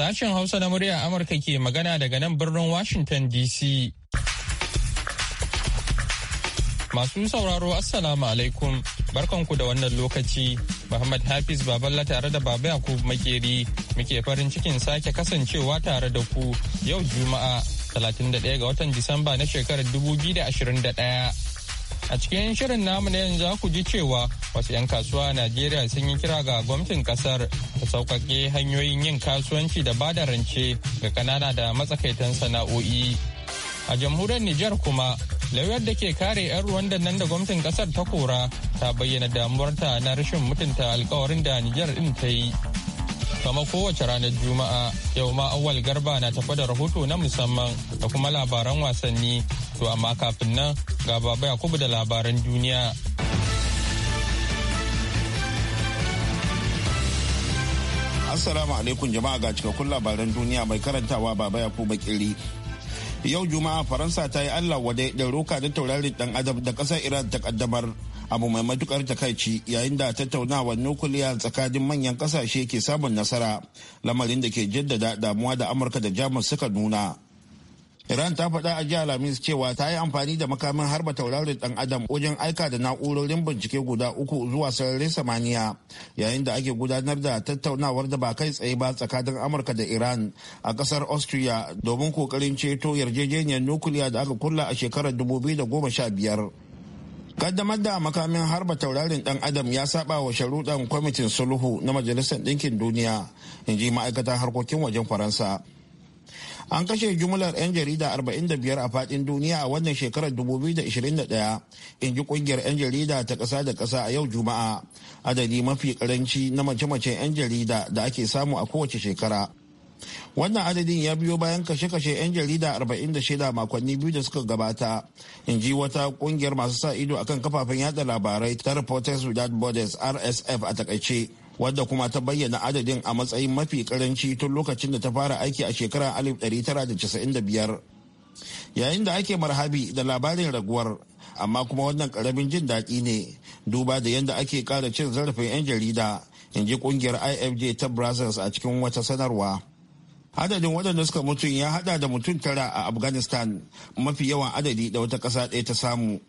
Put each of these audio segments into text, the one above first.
Sashen Hausa na murya Amurka ke magana daga nan birnin Washington DC. Masu sauraro Assalamu alaikum barkanku da wannan lokaci Muhammad Hafiz Baballa tare da Baba Yakubu Makeri muke farin cikin sake kasancewa tare da ku yau Juma'a 31 ga watan Disamba na shekarar 2021. A cikin shirin namu na yanzu ku ji cewa wasu 'yan kasuwa a Najeriya sun yi kira ga gwamnatin kasar ta sauƙaƙe hanyoyin yin kasuwanci da bada rance ga ƙanana da matsakaitan sana'o'i. A jamhuriyar Nijar kuma, lauyar da ke kare 'yan ruwan da nan da gwamnatin kasar ta kora ta bayyana damuwarta na rashin mutunta alkawarin da Nijar ɗin ta yi kamar kowace ranar Juma'a, yau ma awal garba na tafa da rahoto na musamman da kuma labaran wasanni. To amma kafin nan ga baba Yakubu da labaran duniya. Assalamu alaikum jama'a ga cikakkun labaran duniya mai karantawa baba Yakubu kiri Yau Juma'a Faransa ta yi Allah wadai da roka da taurarin dan adam da ƙasar Iran ta kaddamar. abu mai matukar takaici yayin da tattaunawar nukuliya tsakanin manyan kasashe ke samun nasara lamarin da ke jaddada damuwa da amurka da jamus suka nuna iran ta faɗa a jiya alhamis cewa ta yi amfani da makamin harba taurarin dan adam wajen aika da na'urorin bincike guda uku zuwa sararin samaniya yayin da ake gudanar da tattaunawar da ba kai tsaye ba tsakanin amurka da iran a kasar austria domin kokarin ceto yarjejeniyar nukuliya da aka kulla a shekarar 2015 kaddamar da makamin harba taurarin dan adam ya saba wa sharuɗan kwamitin sulhu na majalisar ɗinkin duniya in ji ma'aikatar harkokin wajen faransa an kashe jumlar 'yan jarida 45 a fadin duniya a wannan shekarar 2021 in ji kungiyar 'yan jarida ta ƙasa da ƙasa a yau juma'a adadi mafi karanci na mace-macen 'yan jarida da ake samu a kowace shekara wannan adadin ya biyo bayan kashe-kashe 'yan jarida 46 makonni biyu da suka gabata in ji wata kungiyar masu sa ido akan kafafen yada labarai ta reporters without borders rsf a takaice wadda kuma ta bayyana adadin a matsayin mafi karanci tun lokacin da ta fara aiki a shekarar 1995 yayin da ake marhabi da labarin raguwar amma kuma wannan karamin jin daɗi ne duba da yadda ake ƙara cin zarafin 'yan jarida in ji kungiyar ifj ta brussels a cikin wata sanarwa adadin waɗanda suka mutu ya hada da mutum tara a afghanistan mafi yawan adadi da wata ƙasa ɗaya ta samu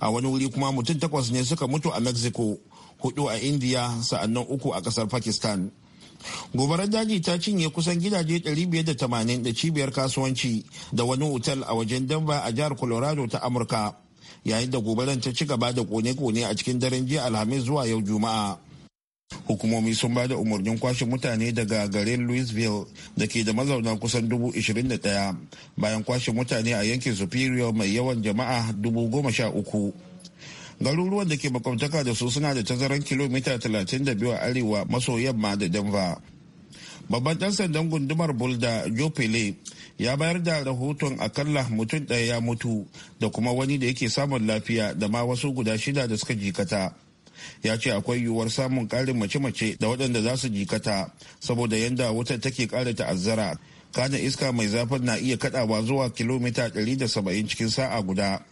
a wani wuri kuma mutum takwas ne suka mutu a mexico hudu a india sa'annan uku a ƙasar pakistan gobarar daji ta cinye kusan gidaje 580 da cibiyar kasuwanci da wani otal a wajen denver a jihar colorado ta amurka yayin da gobarar ta ci gaba da kone-kone a cikin daren jiya alhamis zuwa yau juma'a hukumomi sun ba da umarnin kwashe mutane daga garin louisville da ke da mazauna kusan 21,000 bayan kwashe mutane a yankin superior mai yawan jama'a 13,000 garuruwan da ke makwabtaka da su suna da tazaran kilomita 32 a arewa maso yamma da denver babban dan sandan gundumar bulda joe pele ya bayar da rahoton akalla mutum ɗaya ya mutu da kuma wani da yake samun lafiya da ma wasu guda shida da suka jikata ya ce akwai yiwuwar samun karin mace-mace da waɗanda za su jikata saboda yadda wutar take ƙara ta'azzara kada iska mai zafin na iya kaɗawa zuwa kilomita 170 cikin sa'a guda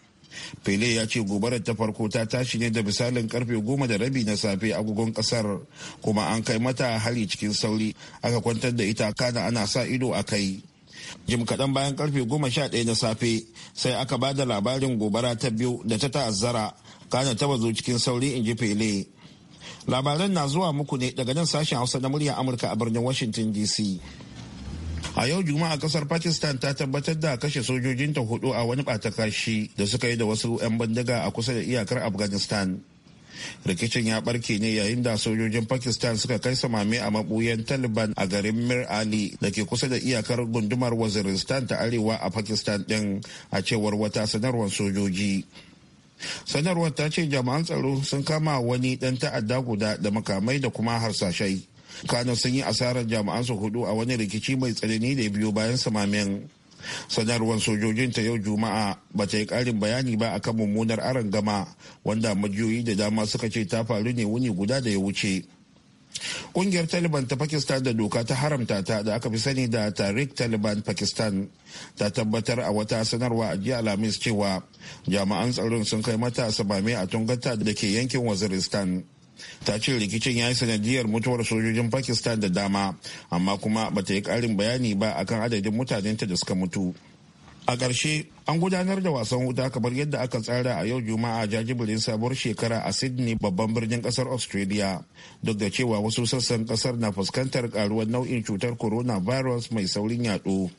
pele ya ce gobarar ta farko ta tashi ne da misalin karfe goma da rabi na safe agogon kasar kuma an kai mata hari cikin sauri aka kwantar da ita kana ana sa ido a kai jim kaɗan bayan karfe goma sha ɗaya na safe sai aka ba da labarin gobara ta biyu da ta ta'azzara kana ta bazo cikin sauri in ji fele labaran na zuwa muku ne daga nan sashen hausa na murya amurka a birnin washington dc a yau juma'a kasar pakistan ta tabbatar da kashe sojojinta hudu a wani batakashi da suka yi da wasu 'yan bandaga a kusa da iyakar afghanistan rikicin ya barke ne yayin da sojojin pakistan suka kai samame a mabuyan taliban a garin mir ali da ke kusa da iyakar gundumar waziristan ta arewa a pakistan ɗin a cewar wata sanarwar sojoji sanarwar ta ce jama'an tsaro sun kama wani dan ta'adda guda da makamai da kuma harsashai kano sun yi asarar jama'an su hudu a wani rikici mai tsanani da biyu bayan samamen sanarwar sojojin ta yau juma'a ba ta yi karin bayani ba akan mummunar aron gama wanda majiyoyi da dama suka ce ta faru ne wuni guda da ya wuce Ƙungiyar Taliban ta Pakistan da doka ta haramta ta da aka fi sani da Tariq Taliban Pakistan ta tabbatar a wata sanarwa a jiya Alhamis cewa jami'an tsaron sun kai mata samame a tungata da ke yankin Waziristan. Ta ce rikicin ya yi sanadiyar mutuwar sojojin Pakistan da dama, amma kuma bata yi ƙarin bayani ba akan adadin mutanenta da suka mutu. a ƙarshe an gudanar da wasan wuta kamar yadda aka tsara a yau juma'a jajibirin sabuwar shekara a sydney babban birnin kasar australia duk da cewa wasu sassan kasar na fuskantar karuwar nau'in cutar coronavirus mai saurin yaɗo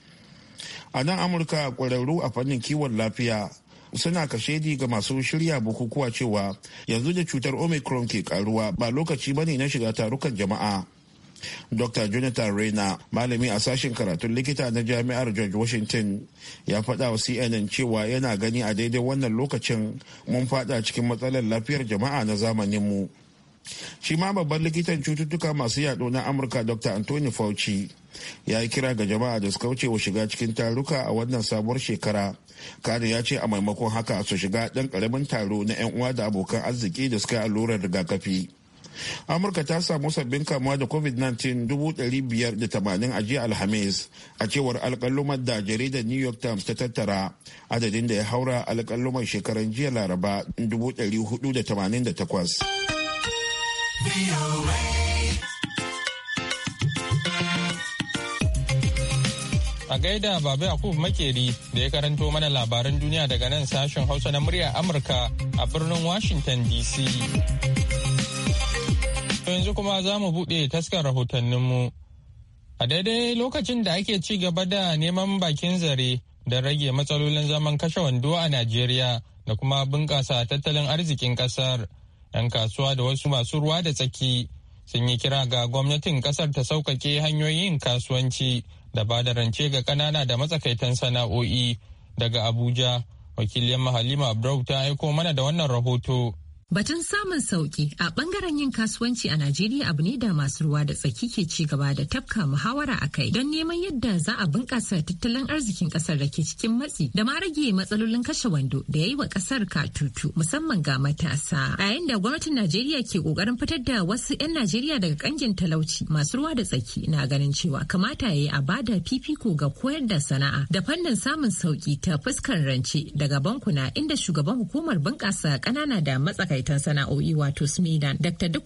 a nan amurka ƙwararru a fannin kiwon lafiya suna kashedi ga masu shirya bukukuwa cewa yanzu da cutar omicron ke karuwa ba lokaci bane na shiga tarukan jama'a dr jonathan rena malami a sashen karatun likita na jami'ar george washington ya faɗa wa cnn cewa yana gani a daidai wannan lokacin mun faɗa cikin matsalar lafiyar jama'a na zamaninmu shi ma babban likitan cututtuka masu yaɗo na amurka dr anthony fauci ya yi kira ga jama'a da suka wuce wa shiga cikin taruka a wannan sabuwar shekara kada ya ce a maimakon haka su shiga ɗan ƙaramin taro na 'yan uwa da abokan arziki da suka yi allurar rigakafi amurka ta samu sabbin kamuwa da covid-19 580 a jiya alhamis a cewar alkalumar da jaridar new york times ta tattara adadin da ya haura alkalumar shekaran jiya laraba 488 a gaida babu yakub makeri da ya karanto mana labaran duniya daga nan sashen hausa na murya amurka a birnin washington dc yanzu kuma za mu buɗe taskar rahotanninmu. A daidai lokacin da ake ci gaba da neman bakin zare da rage matsalolin zaman kashe wando a Najeriya da kuma bunƙasa tattalin arzikin ƙasar, 'yan kasuwa da wasu masu ruwa da tsaki sun yi kira ga gwamnatin ƙasar ta sauƙaƙe hanyoyin kasuwanci da ba da rance ga ƙanana da matsakaitan sana'o'i daga Abuja. Wakilin Mahalima Abdul ta aiko mana da wannan rahoto. Batun samun sauki a bangaren yin kasuwanci a Najeriya abu ne da masu ruwa da tsaki ke ci gaba da tafka muhawara a kai don neman yadda za a bunƙasa tattalin arzikin ƙasar da ke cikin matsi da ma rage matsalolin kashe wando da ya yi wa ƙasar katutu musamman ga matasa. A yayin da gwamnatin Najeriya ke ƙoƙarin fitar da wasu 'yan Najeriya daga ƙangin talauci masu ruwa da tsaki na ganin cewa kamata ya yi a bada fifiko ga koyar da sana'a da fannin samun sauki ta fuskar rance daga bankuna inda shugaban hukumar bunƙasa ƙanana da matsakai matsakaitan sana'o'i wato smidan dr duk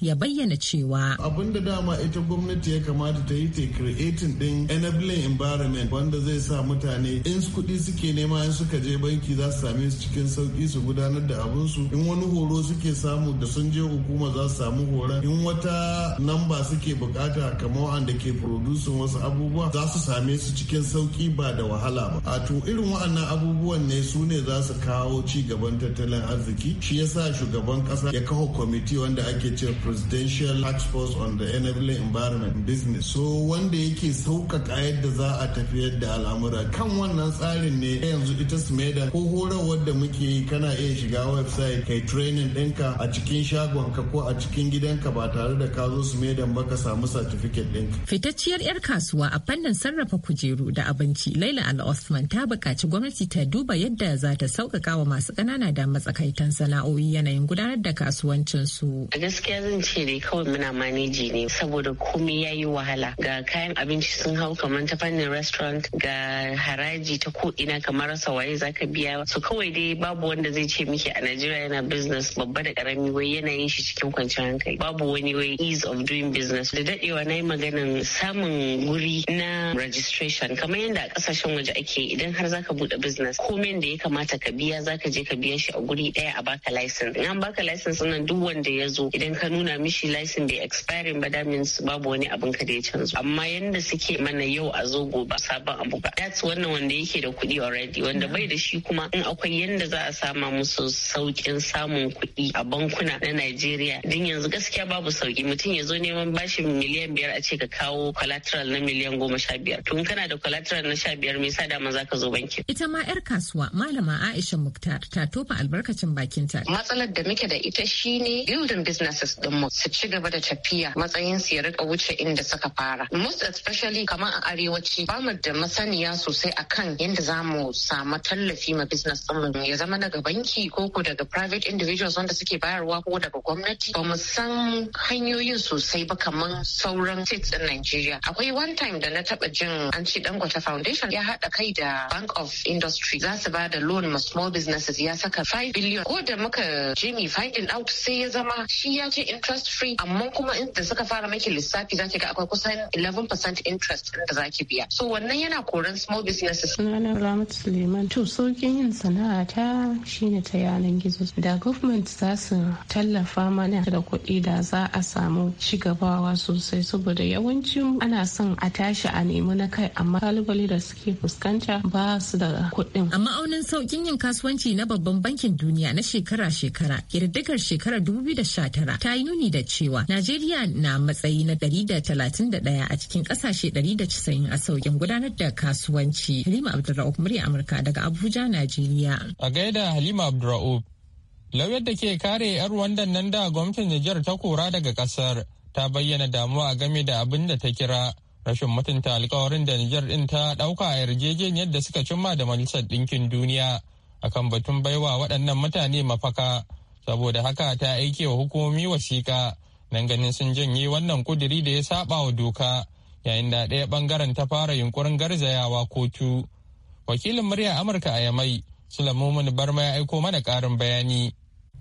ya bayyana cewa abin da dama ita gwamnati ya kamata ta yi ta creating din enabling environment wanda zai sa mutane in kuɗi suke nema in suka je banki za su same su cikin sauki su gudanar da abin su in wani horo suke samu da sun je hukuma za su samu horon in wata namba suke bukata kamar wanda ke producing wasu abubuwa za su same su cikin sauki ba da wahala ba a to irin waɗannan abubuwan ne su ne za su kawo ci gaban tattalin arziki shi yasa sa shugaban kasa ya kawo kwamiti wanda ake ce presidential tax force on the enabling environment business so wanda yake sauƙaƙa yadda za a tafiyar da al'amura kan wannan tsarin ne yanzu ita smeda ko horarwar da muke yi kana iya shiga website kai training ɗinka a cikin shagon ka ko a cikin gidanka ba tare da ka zo smeda ba ka samu certificate ɗinka. fitacciyar 'yar kasuwa a fannin sarrafa kujeru da abinci laila al-osman ta buƙaci gwamnati ta duba yadda za ta sauƙaƙa wa masu ƙanana da matsakaitan sana'o'i sauyi yanayin gudanar da a Gaskiya zan ce dai kawai muna maneji ne saboda komai ya yi wahala ga kayan abinci sun hau kamar ta fannin restaurant ga haraji ta ko ina kamar rasa waye zaka biya su kawai dai babu wanda zai ce miki a Najeriya yana business babba da karami wai yanayin shi cikin kwanciyar hankali babu wani wai ease of doing business da dadewa na yi maganan samun guri na registration kamar yadda a kasashen waje ake idan har zaka bude business komai da ya kamata ka biya zaka je ka biya shi a guri daya a baka license license in an baka license sannan duk wanda ya zo idan ka nuna mishi license bai expiring ba that means babu wani abin ka da ya canzo amma yanda suke mana yau a zo gobe sabon abu ba that's wannan wanda yake da kuɗi already wanda bai da shi kuma in akwai yanda za a sama musu saukin samun kuɗi a bankuna na Najeriya din yanzu gaskiya babu sauki mutum ya zo neman bashin miliyan biyar a ce ka kawo collateral na miliyan goma sha biyar tun kana da collateral na sha biyar me yasa dama za ka zo bankin ita ma yar kasuwa malama Aisha Muktar ta tofa albarkacin bakinta matsalar da muke da ita shine building businesses dinmu su ci gaba da tafiya matsayin su ya rika wuce inda suka fara most especially kamar a arewaci ba mu da masaniya sosai akan yadda za mu samu tallafi ma business dinmu ya zama daga banki ko ko daga private individuals wanda suke bayarwa ko daga gwamnati ba mu san hanyoyin sosai ba kamar sauran states din Najeriya akwai one time da na taba jin an ce Dangote Foundation ya haɗa kai da Bank of Industry za su ba da loan ma small businesses ya saka 5 billion ko da muka Jimmy finding out sai ya zama shi ya ce interest free amma kuma in da suka fara maki lissafi zaki ga akwai kusan 11% interest da zaki biya. So wannan yana koran small businesses. Sunana Ramat Suleiman to sauƙin yin sana'a ta shine ta yanar gizo. Da government za su tallafa mana da kuɗi da za a samu shigabawa sosai saboda yawancin ana son a tashi a nemi na kai amma kalubale da suke fuskanta ba su da kuɗin. A ma'aunin saukin yin kasuwanci na babban bankin duniya na shekara shekara. kirdikar shekarar 2019 ta yi nuni da cewa Najeriya na matsayi na 131 a cikin kasashe 190 a sauƙin gudanar da kasuwanci. Halima abdurra'uf murya Amurka daga Abuja, Najeriya. A gaida Halima abdurra'uf Lauyar da ke kare 'yar wandan nan da gwamnatin Nijar ta kora daga kasar ta bayyana damuwa game da abin da ta kira rashin mutunta alkawarin da Nijar din ta dauka a yarjejeniyar da suka cimma da Majalisar Dinkin Duniya akan batun baiwa waɗannan mutane mafaka saboda haka ta aike wa hukumomi wasiƙa nan ganin sun janye wannan kuduri da ya saba wa doka yayin da ɗaya ɓangaren ta fara yunkurin garzayawa kotu wakilin murya amurka a yamai sulamumin barma ya aiko mana ƙarin bayani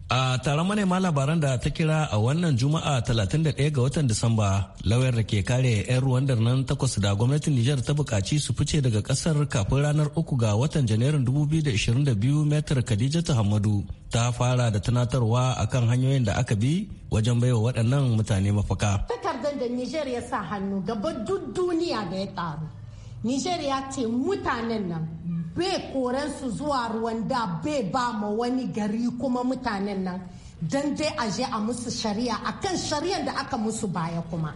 A taron manema labaran da ta kira a wannan Juma'a 31 ga watan Disamba, lauyar da ke kare 'yan ruwandar nan takwas da gwamnatin Nijar ta bukaci su fice daga kasar kafin ranar uku ga watan Janairun 2022 Metar ta Hamadu ta fara da tunatarwa a kan hanyoyin da aka bi wajen baiwa waɗannan mutane mafaka. Takardar da Nijar ya sa hannu gaba duk duniya da ya taru. Nijar ya ce mutanen nan bai su zuwa ruwan da bai ba ma wani gari kuma mutanen nan don dai a je a musu shari'a akan shari'ar da aka musu baya kuma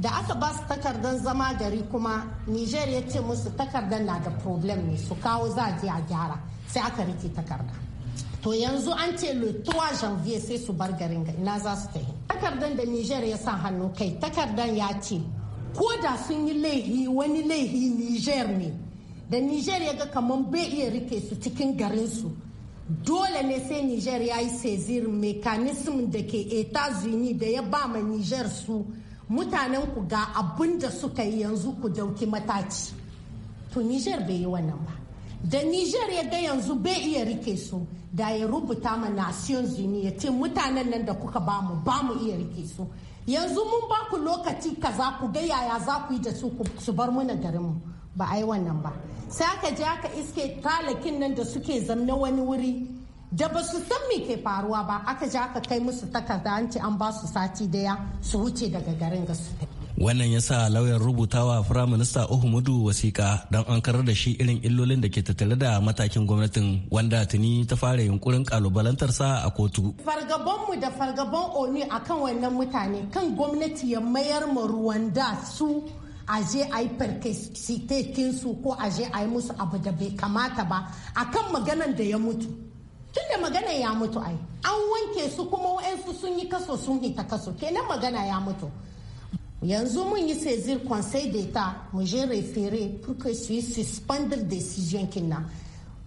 da aka ba su takardar zama gari kuma niger ya ce musu takardar na da problem ne su kawo za a je a gyara sai aka rike takarda to yanzu an ce le 3 janvier sai su bar garin ina za su tafi takardar da niger ya sa hannu kai takardar ya ce ko da sun yi laihi wani laihi niger ne da niger ya ga kamar bai iya rike su cikin garinsu dole ne sai niger ya yi sezir mekanism da ke Eta zini da ya ba ma niger su mutanen ku ga abin da suka yi yanzu ku dauki mataci to niger bai yi wannan ba da niger ya ga yanzu bai iya rike su da ya rubuta ma nations union ya ce mutanen nan da kuka ba mu ba mu iya rike su yanzu mun ba ku lokaci kaza ku ga yaya za ku yi da su su bar muna garinmu ba a yi wannan ba sai ka je ka iske talakin nan da suke zamna wani wuri da ba su san me ke faruwa ba aka ja ka kai musu takarda an ce an ba su sati daya su wuce daga garin ga su wannan ya sa lauyan rubutawa firaminista uhumudu wasiƙa don an karar da shi irin illolin da ke tattare da matakin gwamnatin wanda tuni ta fara yunkurin kalubalantarsa a kotu mu da fargaban oni akan wannan mutane kan gwamnati ya mayar ma ruwan da su a je a yi su ko a je a yi musu abu da bai kamata ba akan maganan da ya mutu tun da magana ya mutu ai an wanke su kuma wa'ansu sun yi kaso sun hita kaso kenan magana ya mutu yanzu mun yi saisir conseil d'etat mu je refere pour que su yi suspendre decision kinna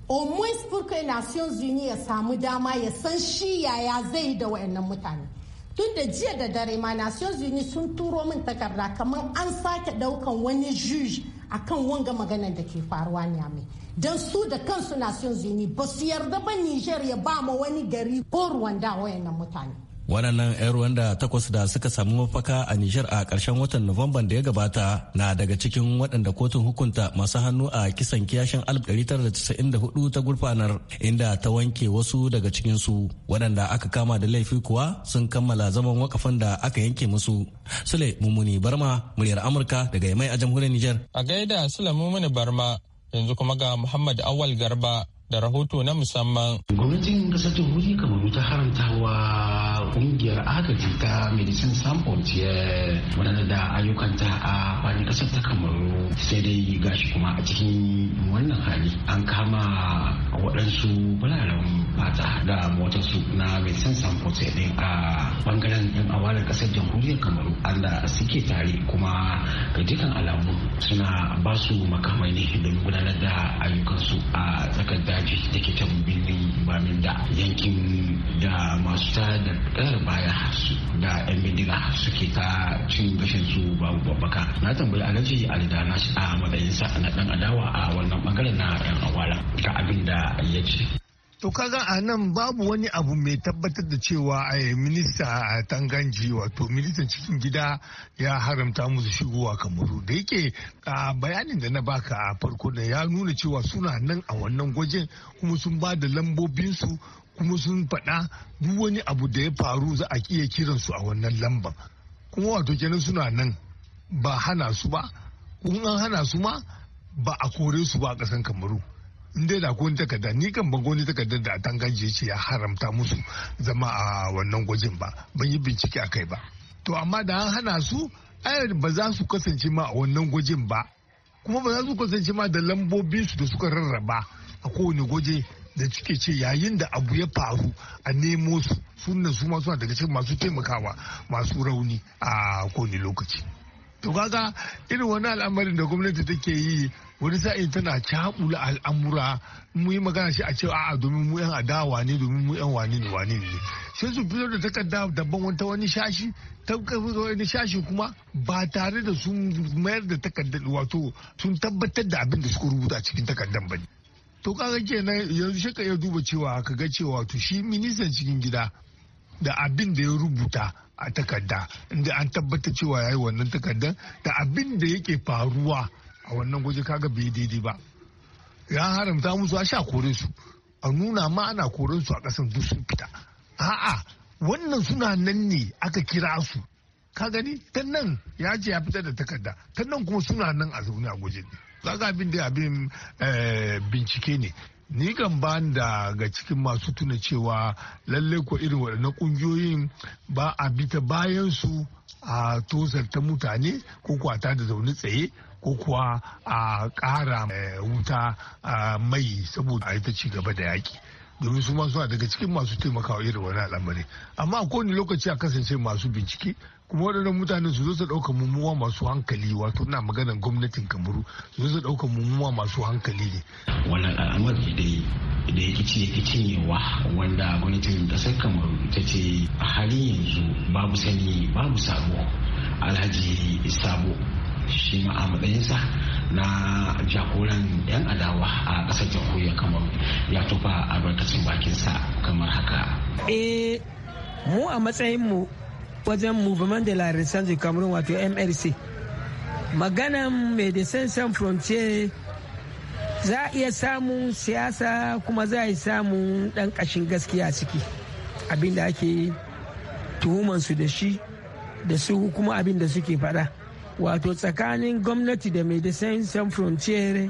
au moins pour que nations unies ya samu dama ya san shi yaya zai yi da wa'annan mutane tun da jiya da dare ma nations unis sun turo min takarda kamar an sake daukan wani juge kan wanga maganar da ke faruwa nyame don su da kansu nations unis ba su yarda ba niger ya ba ma wani gari ko rwanda wayannan mutane waɗannan 'yan ruwanda takwas da suka samu mafaka a nijar a karshen watan nuwamban da ya gabata na daga cikin waɗanda kotun hukunta masu hannu a kisan kiyashin 1994 ta gurfanar inda ta wanke wasu daga cikinsu waɗanda aka kama da laifi kuwa sun kammala zaman wakafan da aka yanke musu sule mummuni barma muryar amurka daga yamai a jamhuriyar nijar a gaida sule mummuni barma yanzu kuma ga muhammad awal garba da rahoto na musamman gwamnatin kasar jamhuriyar kamaru ta haramta wa kungiyar agaji ta medicine samples ya gudanar da ayyukanta a faɗin kasar ta kamaru sai dai gashi kuma a cikin wannan hali an kama waɗansu bularen fata da motarsu na medicine ya ɗin a bangaren yan awalar ƙasar jamhuriyar kamaru da suke tare kuma ga dukkan alamu suna ba su makamai ne don gudanar da ayyukansu a tsakar daji da ke can birnin yankin da masu ta da kayar baya da yan bindiga suke ta cin gashin su babu babbaka na tambayi alhaji alida na shi a matsayinsa na dan adawa a wannan bangaren na yan awala ga abin da ya ce To kaga a nan babu wani abu mai tabbatar da cewa eh, minista eh, tanganji wato ministan cikin gida ya haramta musu shigowa kamaru da yake a bayanin da na baka a farko da ya nuna cewa suna nan a wannan gwajin kuma sun ba da lambobinsu kuma sun faɗa duk wani abu da ya faru za a iya kiransu a wannan lamban kuma wato kenan suna nan ba hana su ba kun an hana su ma ba a kore su ba a ƙasan kamaru in da ko takarda ni kan ban wani takarda da tangaje ce ya haramta musu zama a wannan gwajin ba ban yi bincike a kai ba to amma da an hana su ai ba za su kasance ma a wannan gwajin ba kuma ba za su kasance ma da su da suka rarraba a kowane gwaje da cike ce yayin da abu ya faru a nemo su suna su suna daga cikin masu taimakawa masu rauni a kowane lokaci to kaga irin wani al'amarin da gwamnati take yi wani sa'in tana caɓula al'amura mu yi magana shi a cewa a domin mu yan adawa ne domin mu yan wane ne wane ne sai su fito da takarda daban wata wani shashi ta wani shashi kuma ba tare da sun mayar da takardar wato sun tabbatar da abin da suka rubuta cikin takardar ba ne to kaga kenan yanzu shaka ya duba cewa ka ga cewa to shi ministan cikin gida da abin da ya rubuta a takarda inda an tabbata cewa ya yi wannan takardar da abin da yake faruwa a wannan gwaje kaga bai daidai ba ya haramta musu a sha kore su a nuna ma ana kore su a kasan duk fita a'a wannan suna nan ne aka kira su ka gani ta nan ya ce ya fitar da takarda ta nan kuma suna nan a zaune a gwaje zaga abin da abin eh, bincike ne ni kan ba da ga cikin masu tuna cewa lalle ko irin waɗannan ƙungiyoyin ba a bita bayan su a ta mutane ko kuwa ta da zaune tsaye ko kuwa a ƙara eh, wuta ah, mai saboda a yi ta ci gaba da yaƙi domin su suna daga cikin masu taimakawa irin wani al'amari amma a kowane lokaci a kasance masu bincike kuma waɗannan mutane su zo su ɗauka mummuwa masu hankali wato na maganar gwamnatin kamaru su zo su ɗauka mummuwa masu hankali ne wannan al'amari dai da ya kici cinyewa wanda gwamnatin ƙasar kamaru ta ce a halin yanzu babu sani babu sabo alhaji sabo shi ma a matsayinsa na jagoran 'yan adawa a kasar jamhuriyar kamaru ya tufa albarkacin bakinsa kamar haka. Eh, mu a matsayin mu wajen movement de la renaissance cameroon wato mrc maganan medecin sans frontier za a iya samun siyasa kuma za a yi samun dan kashin gaskiya ciki abinda ake tuhumansu da shi da su kuma abin da suke fada wato tsakanin gwamnati da medecines sans frontiere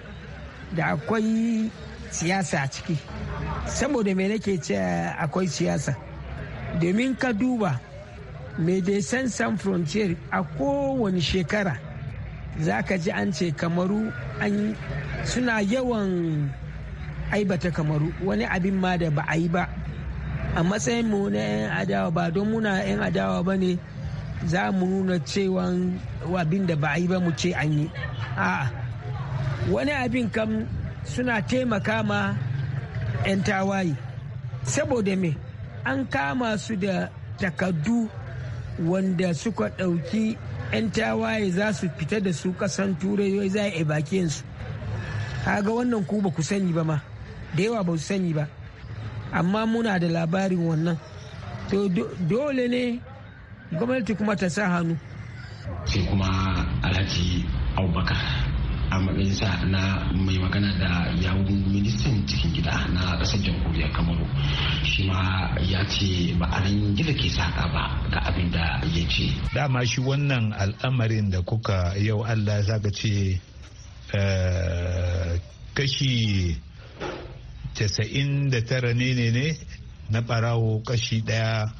da akwai siyasa a ciki saboda me nake ce akwai siyasa domin ka duba medecins sans frontiere a kowane shekara za ka ji an ce kamaru an suna yawan aibata kamaru wani abin ma da ba a yi ba a matsayin mu na 'yan adawa ba don muna 'yan adawa ba ne za mu nuna cewa abin da ba a yi ba mu ce an yi a'a wani abin kam suna taimaka ma 'yan tawaye saboda me an kama su da takaddu wanda suka ɗauki 'yan tawaye za su fita da su ƙasan turai za a su kaga wannan ku ba ku sani ba ma da yawa ba su sani ba amma muna da labarin wannan to dole ne gwamnati kuma ta sa hannu sai kuma alhaji abubakar a sa na mai magana da yawun ministan cikin gida na ƙasar jamhuriyar kamaru shi ma ya ce ba a nan gida ke saka ba ga abin da ya ce dama shi wannan al'amarin da kuka yau allah zaka ce eh, kashi da tara ne ne na barawo kashi daya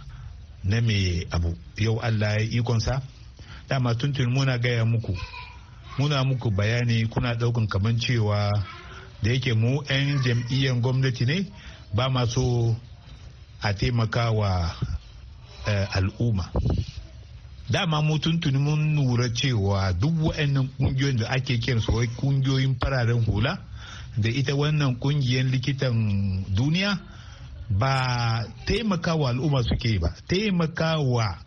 na mai abu yau allah ya ikonsa dama tuntun muna gaya muku muna muku bayani kuna daukan kamar cewa da yake mu 'yan jam'iyyar gwamnati ne ba ma so a taimaka wa eh, al'umma dama mu tuntun mun nura cewa duk wa'annan ƙungiyoyin da ake kiransu wai ƙungiyoyin fararen hula da ita wannan ƙungiyar likitan duniya ba taimaka wa al'umma suke yi ba wa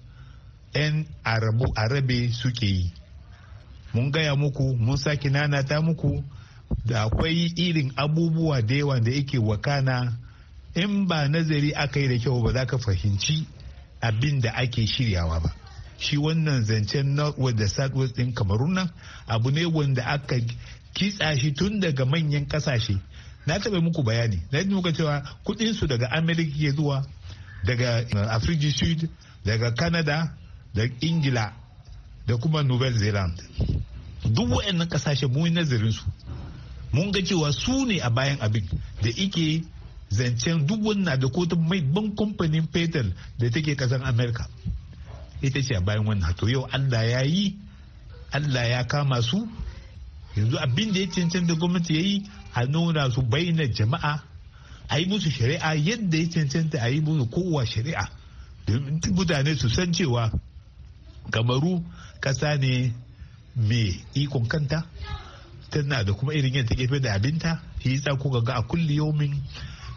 'yan arabu arabe suke yi mun gaya muku mun sake nanata muku da akwai irin abubuwa da yawa da yake wakana in ba nazari aka yi da kyau ba za ka fahimci abin da ake shiryawa ba shi wannan zancen northwest da southwest din kamarun nan abu ne wanda aka kitsa shi tun daga manyan kasashe na taɓa muku bayani na yi muka cewa su daga amerika ke zuwa daga eh, afirka sud daga canada da ingila da kuma nouvelle zealand duk wa'annan ƙasashe mun nazarin su mun ga cewa su ne a bayan abin da ike zancen duk na da kotun mai ban kamfanin fetur da take ƙasar amerika ita ce a bayan wannan to yau allah ya yi allah ya kama su yanzu abin da ya cancanta gwamnati ya yi a nuna su bainar jama'a a yi musu shari'a yadda ya cancanta a yi musu kowa shari'a mutane su san cewa kamaru kasa ne mai ikon kanta tana da kuma irin yadda gefe da abinta shi yasa ko ga a kulli yomin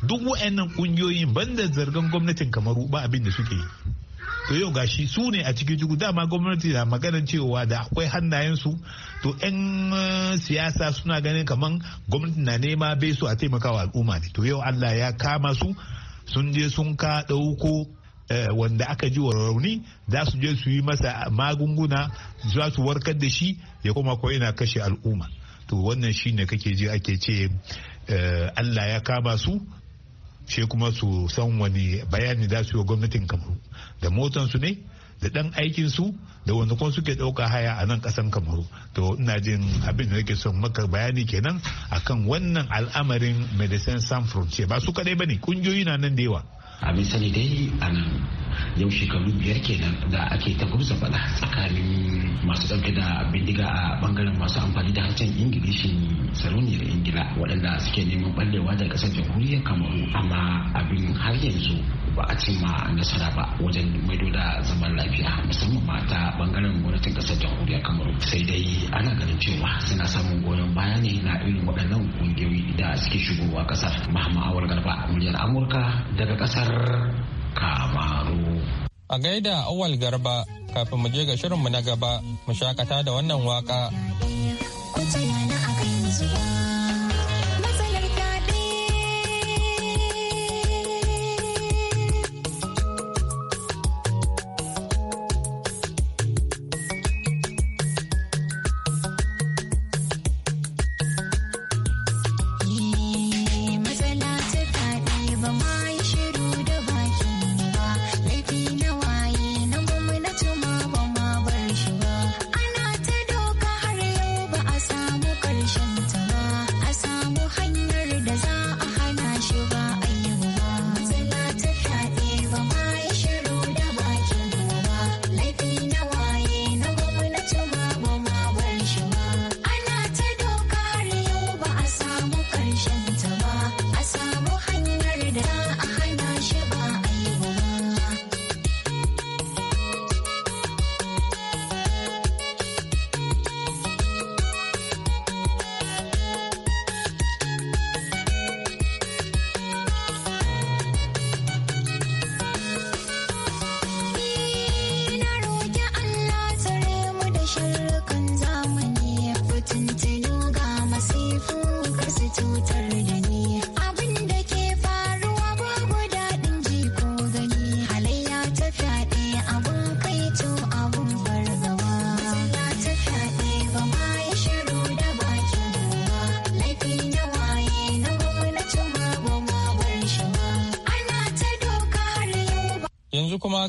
duk wa'annan kungiyoyin banda zargan gwamnatin kamaru ba abin da suke yi to yau gashi su ne a cikin jugu dama gwamnati na maganar cewa da akwai hannayensu to 'yan eh, siyasa suna ganin kamar gwamnati na nema bai su a taimakawa al'umma ne to yau allah ya kama su sun je sun ka dauko eh, wanda aka ji wa rauni za su je su yi masa magunguna za su warkar da shi ya koma ko yana kashe al'umma to wannan shine kake ji ake ce eh, allah ya kama su shi kuma su san wani bayani za su yi wa gwamnatin kamaru da motan su ne da dan aikin su da wanda kuma suke dauka haya a nan kasan kamaru to ina jin abin da nake son maka bayani kenan akan wannan al'amarin medecines sans frontier ba su kadai bane kungiyoyi na nan da yawa abin sani dai a nan yau shekaru biyar kenan da ake ta gursa fada tsakanin masu ɗauke da bindiga a bangaren masu amfani da harshen ingilishin da ingila waɗanda suke neman ɓallewa daga ƙasar jamhuriyar kamaru amma abin har yanzu ba a ce ma nasara ba wajen maido da zaman lafiya musamman mata bangaren gwamnatin kasar jamhuriyar kamaru sai dai ana ganin cewa suna samun goyon baya ne na irin waɗannan ƙungiyoyi da suke shigowa kasar mahama garba muryar amurka daga ƙasar kamaru a gaida awal garba kafin mu je ga mu na gaba mu shakata da wannan waka.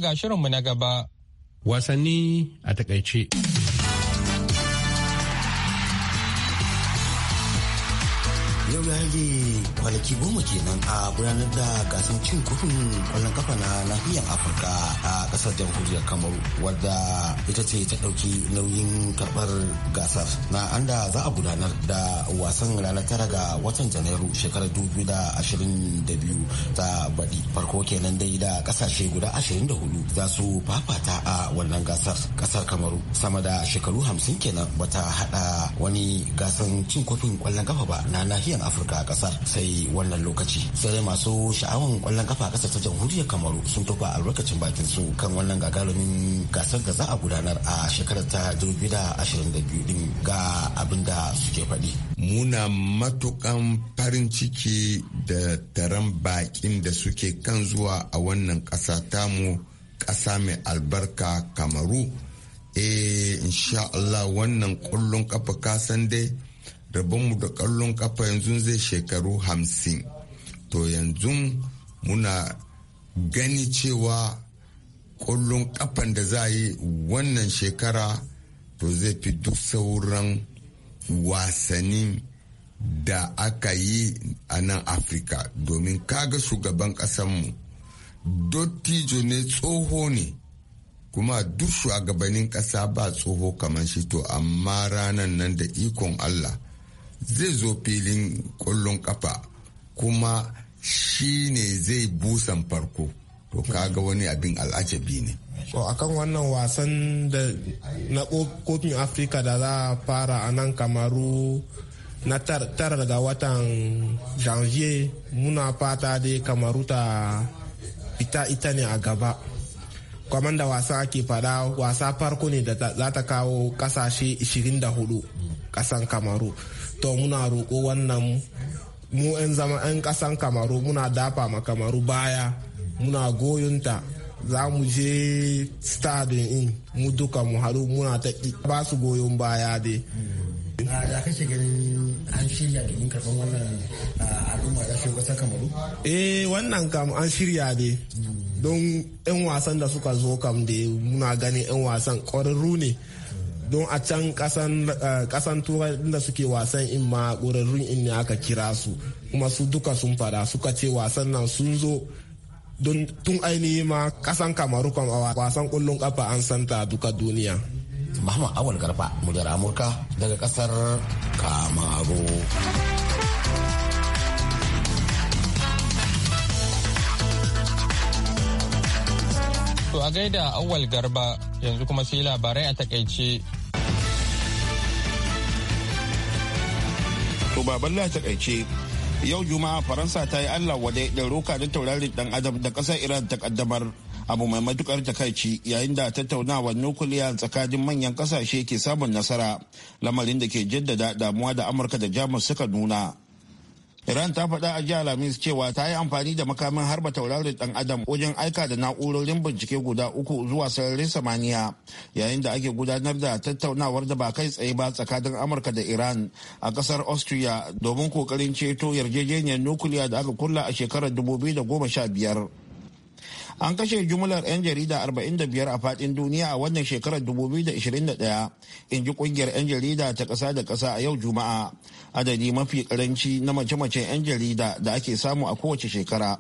kuma ga mu na gaba. Wasanni a takaice. yau ya rage kwanaki goma kenan a gudanar da gasar cin kofin kwallon kafa na nahiyar afirka kasar jamhuriyar kamaru wadda ita ce ta ɗauki nauyin karbar gasar na anda za a gudanar da wasan ranar tara ga watan janairu shekarar 2022 ta baɗi farko kenan dai da kasashe guda 24 za su fafata a wannan gasar ƙasar kamaru sama da shekaru hamsin kenan bata hada wani gasan cin kofin kwallon kafa ba na nahiyar afirka a kasar sai wannan lokaci sai masu sha'awan kwallon kafa a ta jamhuriyar kamaru sun tofa albarkacin bakin su kan wannan gagarumin gasar da za a gudanar a shekarar ta 2022 din ga abin da suke faɗi. Muna matukan farin ciki da taron bakin da suke kan zuwa a wannan ƙasa tamu ƙasa mai albarka kamaru. Eh insha Allah wannan ƙwallon kafa kasan dai rabonmu da ƙwallon kafa yanzu zai shekaru hamsin. To yanzu muna gani cewa ƙwallon ƙafan da za a yi wannan shekara to zai fi duk sauran wasanni da aka yi a nan afirka domin kaga shugaban ƙasanmu dottijo ne tsoho ne kuma duk shugabannin ƙasa ba tsoho kamar shi to amma ranar nan da ikon allah zai zo filin ƙwallon ƙafa kuma shi ne zai busan farko to kaga wani abin al'ajabi ne to akan wannan wasan da na kofin afirka da za a fara a nan kamaru na tara daga watan janvier muna fata dai kamaru ta ita ita ne a gaba kamar da wasa ake fada wasa farko ne da za ta kawo kasashe 24 kasan kamaru to muna roƙo wannan mu 'yan zama 'yan kasan kamaru muna dafa ma kamaru baya muna goyonta za mu je stadion in mu duka mu haru muna ta ba su goyon baya dai ah, ya kashe ganin an shirya domin karfan wannan ah, al'umma da shi wata kamaru? eh wannan kam an shirya dai don 'yan wasan da suka zo kam da muna ganin 'yan wasan ƙwararru ne don a can kasan eh, turai da suke wasan in ma ƙwararrun in ne aka kira su kuma su duka sun fara suka ce wasan nan sun zo don tun ainihi ma kasan kamaru kan wasan kullun kafa an santa duka duniya Muhammad Awal Garba, muryar Amurka daga kasar Kamaru. To a gaida Awal Garba yanzu kuma sai labarai a takaice. To baban a takaice yau juma'a faransa ta yi allah wadai da roka da taurarin dan adam da kasar iran ta kaddamar abu mai matukar takaici yayin da tattaunawar nukuliya tsakanin manyan kasashe ke samun nasara lamarin da ke jaddada damuwa da amurka da jamus suka nuna Iran ta faɗa a jiya Alhamis cewa ta yi amfani da makamin harba tauraron ɗan Adam wajen aika da na'urorin bincike guda uku zuwa sararin samaniya yayin da ake gudanar da tattaunawar da ba kai tsaye ba tsakanin Amurka da Iran a ƙasar Austria domin kokarin ceto yarjejeniyar nukuliya da aka kulla a shekarar 2015. An kashe jumlar 'yan jarida 45 a fadin duniya a wannan shekarar 2021, in ji kungiyar 'yan jarida ta ƙasa da kasa a yau Juma'a. adadi mafi karanci na mace-macen 'yan jarida da ake samu a kowace shekara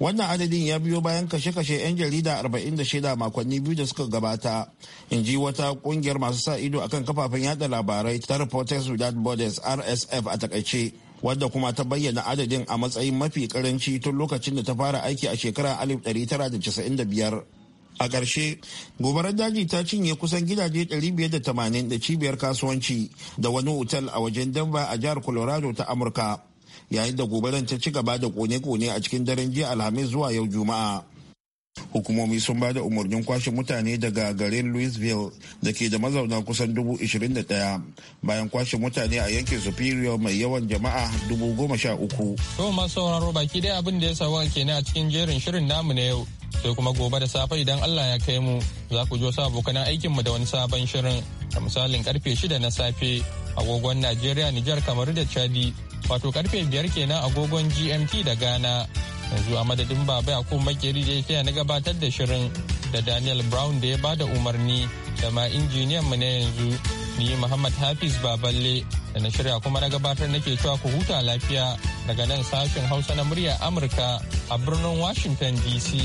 wannan adadin ya biyo bayan kashe-kashe 'yan jarida 46 makonni biyu da suka gabata in ji wata kungiyar masu sa ido akan kafafen yada labarai ta reporters without borders rsf a takaice wadda kuma ta bayyana adadin a matsayin mafi karanci tun lokacin da ta fara aiki a shekarar 1995 a ƙarshe gobarar daji ta cinye kusan gidaje 580 da cibiyar kasuwanci da wani otal a wajen denver a jihar colorado ta amurka yayin da gobarar ta ci gaba da kone-kone a cikin daren jiya alhamis zuwa yau juma'a hukumomi sun ba da umarnin kwashe mutane daga garin louisville da ke da mazauna kusan 21,000 bayan kwashe mutane a yankin superior mai yawan jama'a 13,000 to masu sauraro baki dai abin da ya sawa kenan a cikin jerin shirin namu na yau sai kuma gobe da safe idan Allah ya kai mu za ku jo sa abokan aikinmu da wani sabon shirin da misalin karfe 6 na safe agogon Najeriya Nijar kamar da Chadi wato karfe 5 kenan agogon GMT da Ghana yanzu a madadin baba yakub makeri da ya na gabatar da shirin da daniel brown da ya ba da umarni da ma injiniyan mu na yanzu ni muhammad hafiz baballe da na shirya kuma na gabatar nake cewa ku huta lafiya daga nan sashen hausa na murya amurka a birnin washington dc